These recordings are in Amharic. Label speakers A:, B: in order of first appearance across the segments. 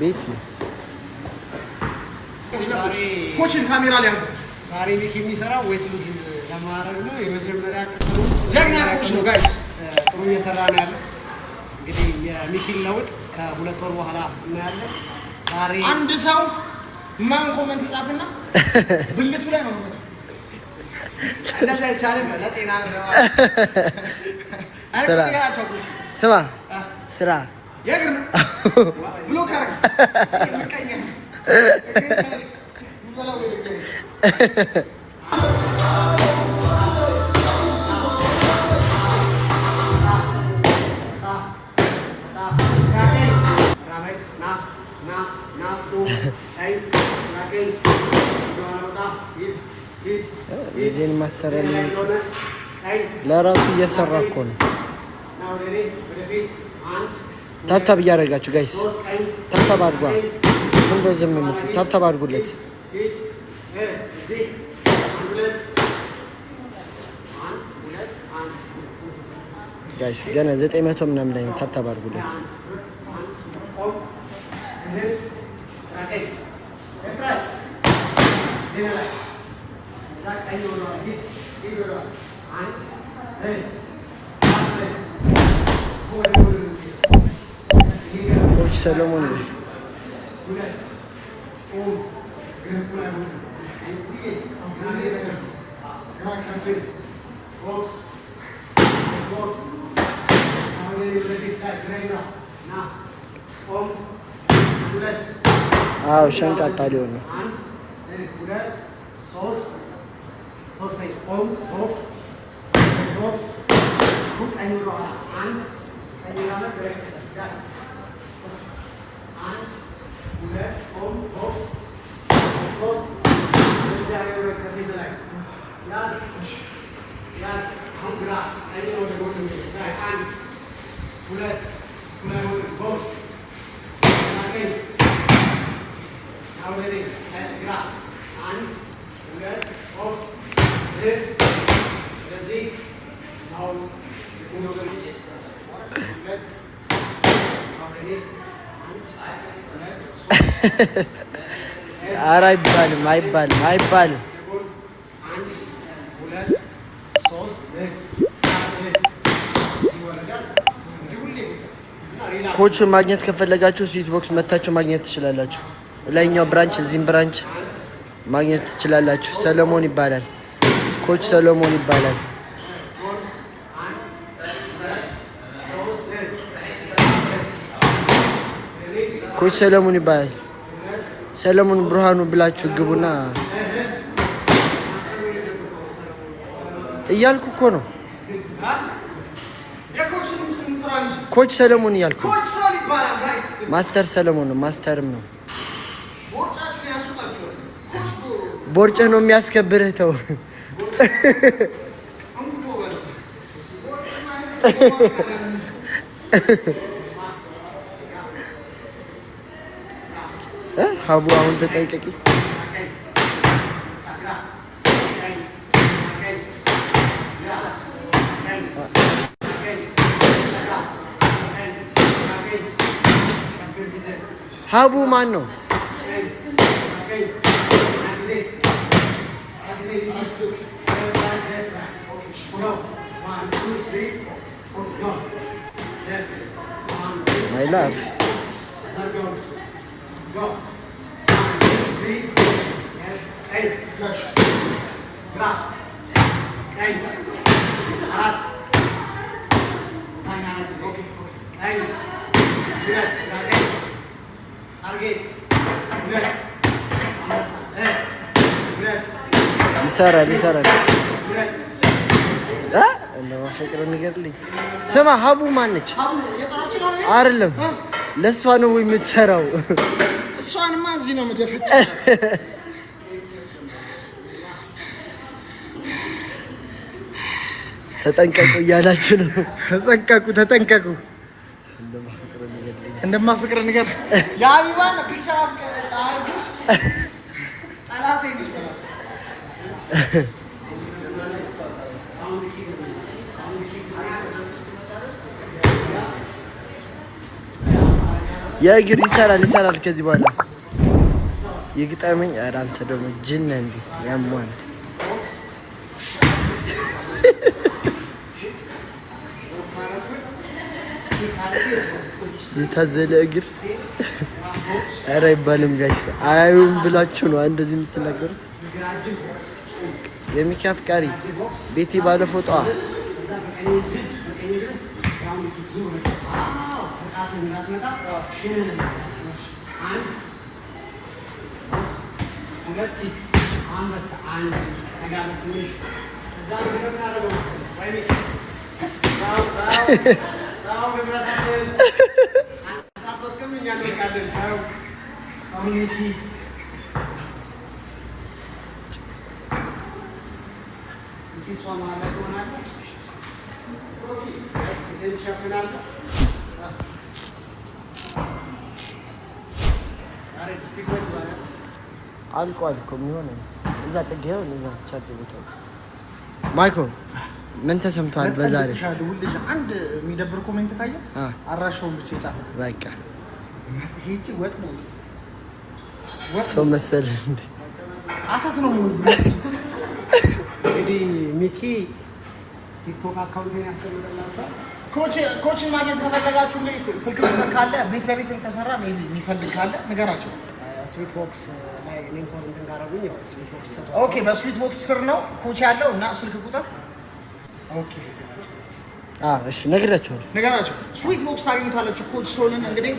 A: ቤት
B: ኮችን ካሜራ ጀግና ኮች ነው ጋይስ፣
C: ጥሩ እየሰራ ነው ያለ። እንግዲህ የሚኪን ለውጥ ከሁለት ወር በኋላ እናያለን።
B: ዛሬ አንድ ሰው ማን ኮመንት ጻፍና ብልቱ ላይ ነው እንደዚህ አይቻልም። ለጤና ነው
A: ስራ ስራ
B: ቪዲዮን
A: ማሰሪያ ለራሱ እየሰራ እኮ ነው። ታብታብ እያደረጋችሁ ጋይስ፣ ታብታብ አድርጓ። ምን በዝም የምትሉ ታብታብ አድርጉለት። ጋይስ ገና ዘጠኝ መቶ ምናምን ላይ ነው። ታብታብ አድርጉለት። እሺ ሰለሞን አዎ ሸንቃጣ ሊሆን ነው። ሶስት ሁለት ሶም ሶስት ሶስት እግዚአብሔር ከፊት ላይ ያዝ ያዝ አሁን ግራ ቀኝ ወደ ጎን አንድ ሁለት ሁለት ወደ ሶስት ቀኝ ግራ አንድ ሁለት ሶስት ስለዚህ አሁን ሁለት አሁን አንድ ኧረ አይባልም አይባልም አይባልም። ኮቹን ማግኘት ከፈለጋችሁ ስዊት ቦክስ መታችሁ ማግኘት ትችላላችሁ። ላይኛው ብራንች፣ እዚህም ብራንች ማግኘት ትችላላችሁ። ሰለሞን ይባላል። ኮች ሰለሞን ይባላል። ኮች ሰለሞን ይባላል። ሰለሞን ብርሃኑ ብላችሁ ግቡና እያልኩ እኮ ነው። ኮች ሰለሞን እያልኩ ማስተር ሰለሞን ማስተርም ነው። ቦርጭህ ነው የሚያስከብርህ። ተው Habu awam tetang kaki Habu mano My love Go. three, yes, eight, clutch, grab, ቀኝ አራት ይሰራል ይሰራል። ፍቅር ንገርልኝ። ስማ ሀቡ ማነች? አይደለም ለእሷ ነው የምትሰራው
B: እሷንማ እዚህ ነው መደፈች።
A: ተጠንቀቁ እያላችሁ ነው። ተጠንቀቁ ተጠንቀቁ። እንደማፍቅር ንገር
B: የአቢባን ጠላቴ
A: የእግር ይሰራል ይሰራል። ከዚህ በኋላ ይግጠመኝ። ኧረ አንተ ደግሞ ጅን እንዴ ያሟል። የታዘለ እግር ኧረ አይባልም። ጋይስ አያዩም ብላችሁ ነው እንደዚህ የምትናገሩት። የሚኪ አፍቃሪ ቤቴ ባለፎጣዋ ታችን እንዳትመጣ ሽንን አንድ ሁለት አንበሳ አንድ ጋር ትንሽ እዛ ምናደርገው መሰለኝ ወይ ንብረታችን ማለት ሆናለ ሸፍናለ አልቋል እኮ የሚሆን እዛ እዛ ቻርጅ ቦታ ማይክሮ ምን ተሰምቷል? በዛሬ
B: አንድ የሚደብር ኮሜንት ካየ አራሻውን ብቻ የጻፈ በቃ ሄጭ ወጥ ሞት ሰው መሰል አታት ነው ሙሉ እንግዲህ ሚኪ ቲክቶክ አካውንቴን ያስተምርላቸዋል ኮችን ማግኘት ከፈለጋችሁ እንግዲህ ስልክ ቁጥር ካለ ቤት ለቤት ተሰራ የሚፈልግ ካለ ንገራቸው።
C: ስዊት ቦክስ ላይ ሊንኮን እንትን ካረጉኝ ስዊት
B: ቦክስ ኦኬ፣ በስዊት ቦክስ ስር ነው ኮች ያለው እና ስልክ ቁጥር ኦኬ
A: እሺ ነግራቸዋለሁ።
B: ነገራቸው ስዊት ቦክስ ታገኝቷለች። ኮች ሶልን እንግዲህ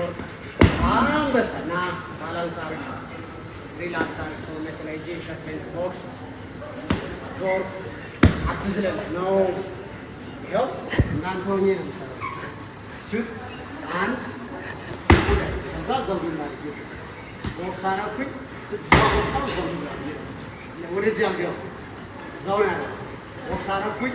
C: ወርቅ አንበሳ ባላንስ አርግ፣ ሪላክስ አርግ፣ ሰውነት ላይ እጅ ሸፍን፣ ቦክስ ዞር፣ አትዝለል ነው። ይኸው እናንተ ሆኜ ነው የሚሰራ አንድ ከዛ ዘውዱና ልጅ ቦክስ አረኩኝ። ወደዚያም ቢሆን እዛው ያለ ቦክስ አረኩኝ።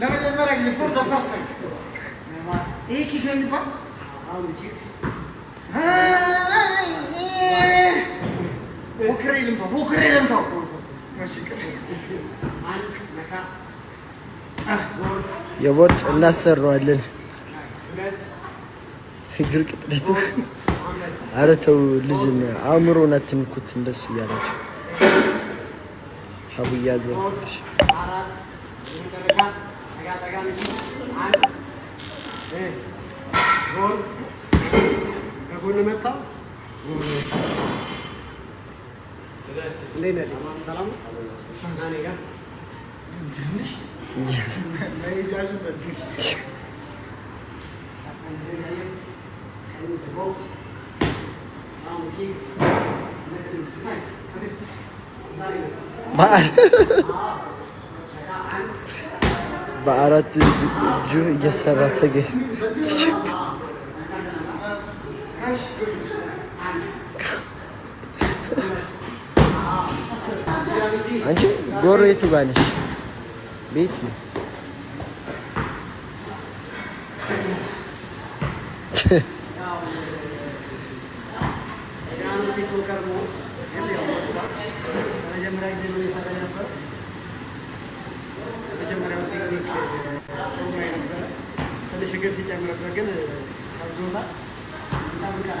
B: ለመጀመሪያ ጊዜ ፎር ዘ ፈርስት ታይም ይሄ ኬክ ነው የሚባል
A: የቦርጭ እናሰራዋለን። እግር ቅጥለት። አረ ተው ልጅን አእምሮን አትንኩት። እንደሱ እያላችሁ ሀቡያ ዘ
C: ከጎን መታ እንዴት ነህ? ሰላም
A: ማ በአራት እጁ እየሰራ ተገኝ አንቺ ጎሮ የቱ ጋር ነሽ? ቤት ትራኒክ ኦንላይን ነበረ። ትንሽ እግር ሲጨምርበት ግን ታጎታ ታምቃ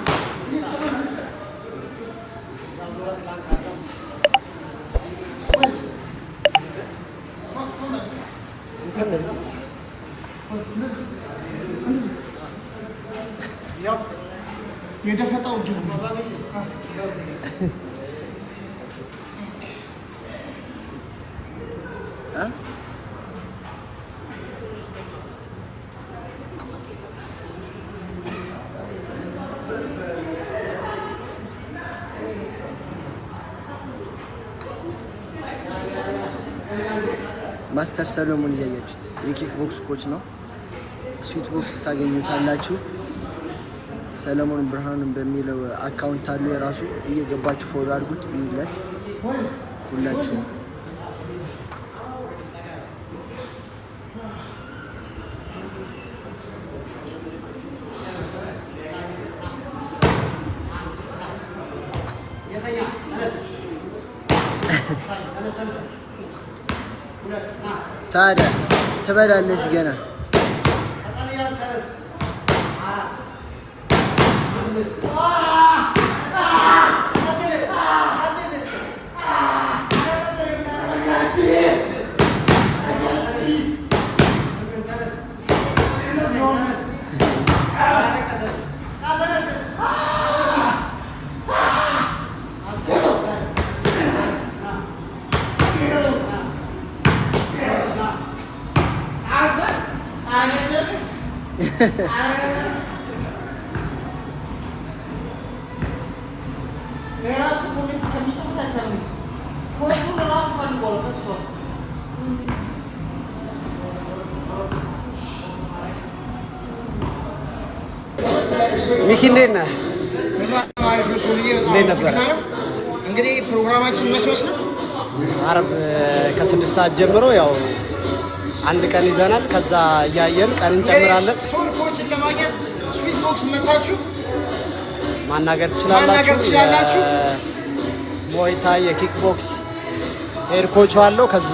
B: Yap. Hedefe tavuk gibi. Ha?
A: Master Salomoni'ye geçti. İlk kickbox koçuna. ስዊት ቦክስ ታገኙታላችሁ። ሰለሞን ብርሃን በሚለው አካውንት አለ የራሱ እየገባችሁ ፎሎ አድርጉት። ይሁለት ሁላችሁ ታዲያ ትበላለች ገና ሚኪ እንዴት ነህ? እንዴት ነበር?
B: እንግዲህ ፕሮግራማችን
A: ከስድስት ሰዓት ጀምሮ ያው አንድ ቀን ይዘናል። ከዛ እያየን ቀን እንጨምራለን።
B: ኦርቶዶክስነታችሁ
A: ማናገር ትችላላችሁ። ሞይታይ የኪክ ቦክስ ሄድ ኮች አለው። ከዛ